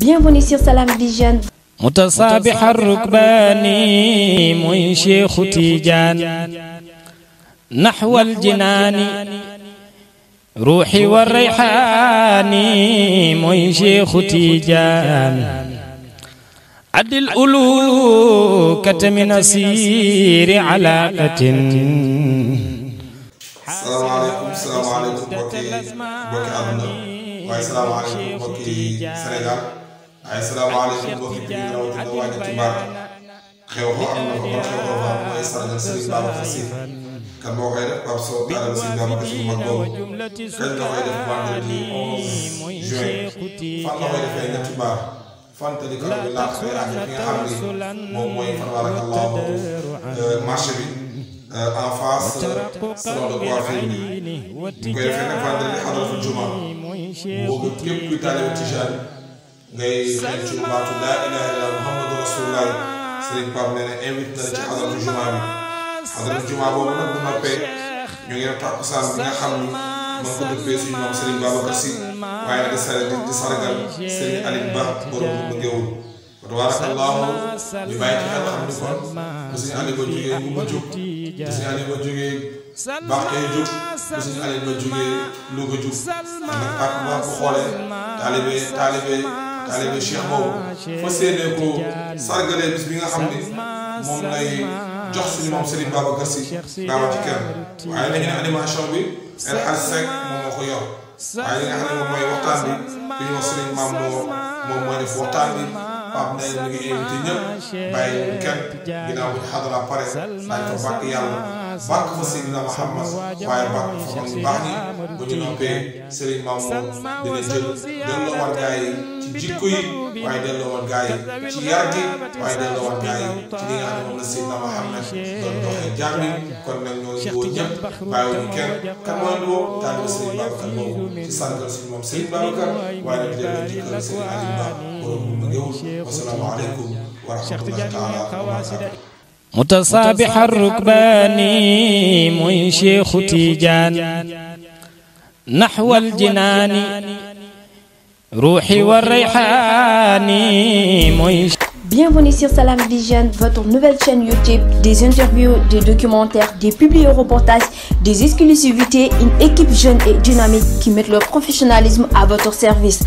Bienvenue sur Salam Vision. متسابح الركبان muy Cheikhu Tijaan نحو الجنان روحي والريحان muy Cheikhu Tijaan عد الألوكة من أسير علاقة salaamaaleykum salaamaaleykum mbokki mbokki àdduna waaye salaamaaleykum mbokki Sénégal waaye salaamaaleykum mbokk yi ñu ñëw dina waaj a tubaab xew xew am na fa ban xew xew am mooy sargal Serigne Baba Fassir kan moo koy def Pape Sow taaral Serigne Baba Fassir mag boobu kañ la koy def vendredi 11 juin fan la koy defee ñetti baar fantali ko bi laaj koy ak ki nga xam ni moom mooy tabarakallahu euh, marché bi euh, en face euh, salon de coiffure bi ñu koy defee nag vendredi xaral fa juma boobu képp kuy taalibe Tijaan ngay xëy ci baatu laa ilaha illa muhammadu rasulullah sëriñ Pape nee na invité na la ci xadaratu jumaa bi xadaratu jumaa boobu nag bu noppee ñu ngi def takkusaan bi nga xam ni ma ko duppee suñu maam sëriñ Babacar Si waaye nag di sare di sargal sëriñ Aliou Ba borom bu ngéwul tabaarakallaahu ñu bàyyi ci xel xam ni kon bu suñu Aliou Ba jógee bu mu jóg bu suñu Aliou Ba jógee baaxee jóg bu suñu Aliou Ba jógee Louga jóg ndax ak boo ko xoolee taalibe taalibe taalibe cheikh boobu fa séenee ko sargalee bi nga xam ne moom lay jox suñu moom Serigne Babacar Sy daawa ci kër waaye ne animation bi El Hadj Seck moom moo ko yor waaye li nga xam ne moom mooy waxtaan bi ku ñu Maam moom mooy def waxtaan bi Pape Ndeye mi ngi invité ñëpp bàyyi kenn ginnaaw bi xadara pare daañu ko bàkk bàkk fa Seydina Muhammad waaye bàkk fa mag ñu baax ñi bu ñu noppee Serigne Mamour dina jël delloo war gaa yi ci jikko yi waaye delloo war gaa yi ci yar gi waaye delloo war gaa yi ci li nga xam ne moom la Seydina Muhammad doon doxee jaam yi kon nag ñoo ngi woo ñëpp bàyyiwuñu kenn kan moo ñu woo taalibu Serigne Babacar boobu ci sànqal suñu moom Serigne Babacar waaye nag delloo jikkal Serigne Alioune Ba borom mu ngi wul wasalaamaaleykum wa rahmatulah taala wa barakatuh mutasaabixa rukbaani muy Cheikhu Tijaan naxwal jinaani ruuxi wa rayxaani muy Bienvenue sur Salam Vision, votre nouvelle chaîne YouTube, des interviews, des documentaires, des publireportages, des exclusivités, une équipe jeune et dynamique qui met leur professionnalisme à votre service.